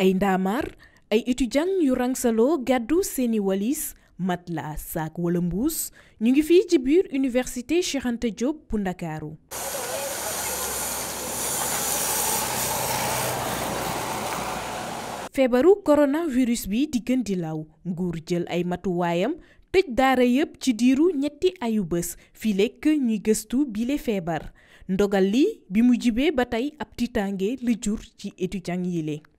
ay ndaamaar ay étudiant yu rangsaloo gàddu seeni walis matelas saak wala mbuus ñu ngi fi ci biir université Cheikh Anta bu Ndakaaru feebaru korona coronavirus bi di gën di law nguur jël ay matuwaayam tëj daara yépp ci diiru ñetti ayu bés fii lekk ñuy gëstu bile feebar ndogal li bi mu jibee ba tey ab tiitaange la jur ci étudiant yi le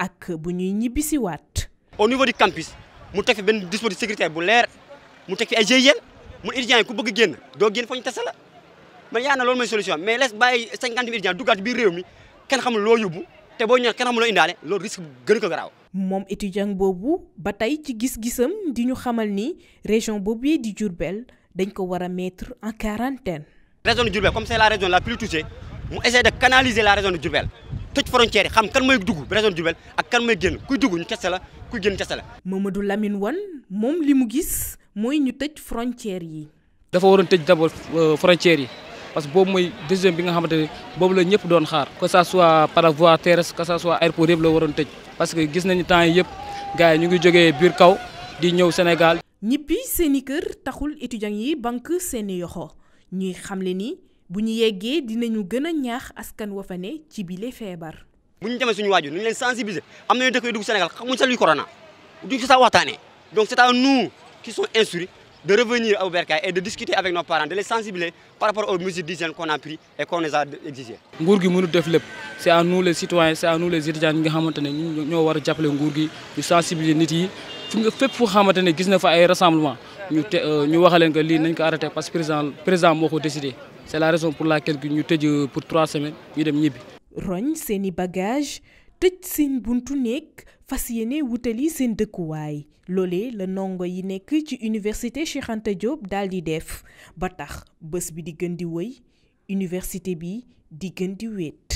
ak bu ñuy ñibbisiwaat. au niveau du campus mu teg fi ben dispositif de sécurité bu leer mu teg fi ay GIGN mu étudiants ku bëgg génn do génn fa ñu man yaana lool loolu solution mais les baye cinquante mille du duggaat biir réew mi kenn xamul lo yobbu té bo ñëwee kenn xamul lo indalé lool risque gën ko graw mom étudiant bobu ba tey ci gis-gisam di ñu xamal ni région boobu di Diourbel dañ ko wara mettre en quarantaine. région de Djourbel comme c'est la région la plus touchée mu essaie de canaliser la région de Djourbel tëj frontière yi xam kan mooy dugg région Diourbel ak kan mooy génn kuy dugg ñu teste la kuy génn teste la. Mamadou Lamine Wan moom li mu gis mooy ñu tëj frontière yi. dafa waroon tëj d'abord euh, frontière yi parce que boobu mooy décision bi nga xamante ne boobu la ñëpp doon xaar. que ça soit par voie terrestre que ça soit aéroport yëpp la waroon tëj parce que gis nañu temps yi yëpp gars yi ñu ngi jógee biir kaw di ñëw Sénégal. ñippi seeni kër taxul étudiants yi banque seeni yoxo ñuy xamle ni. bu ñu yeggee dinañu gën a ñaax askan wa fa ne ci bile feebar. bu ñu demee suñu waajur nañ leen sensibiliser am nañu dëkk yu dugg Sénégal xamuñ sa luy corona duñ ko sa waxtaanee donc c'est à nous qui sont instruits de revenir à Oubercaye et de discuter avec nos parents de les sensibiliser par rapport aux mesures d'hygiène qu'on a pris et qu'on les a exigées. nguur gi mënu def lépp c'est à nous les citoyens c'est à nous les étudiants ñi nga xamante ne ñu ñoo war a jàppale nguur gi ñu sensibiliser nit yi fu nga fépp fu xamante ne gis na fa ay rassemblement ñu te euh, ñu waxaleen que lii nañ ko arrêté parce que président président moo ko décidé c'est la raison pour laquelle ñu tëj euh, pour trois semaines ñu dem ñibbi. roñ seen i bagage tëj seen buntu nekk fas yéene wutali seen dëkkuwaay loolee la nongo yi nekk ci université Cheikh Anta daal di def ba tax bés bi di gën di wëy université bi di gën di wéet.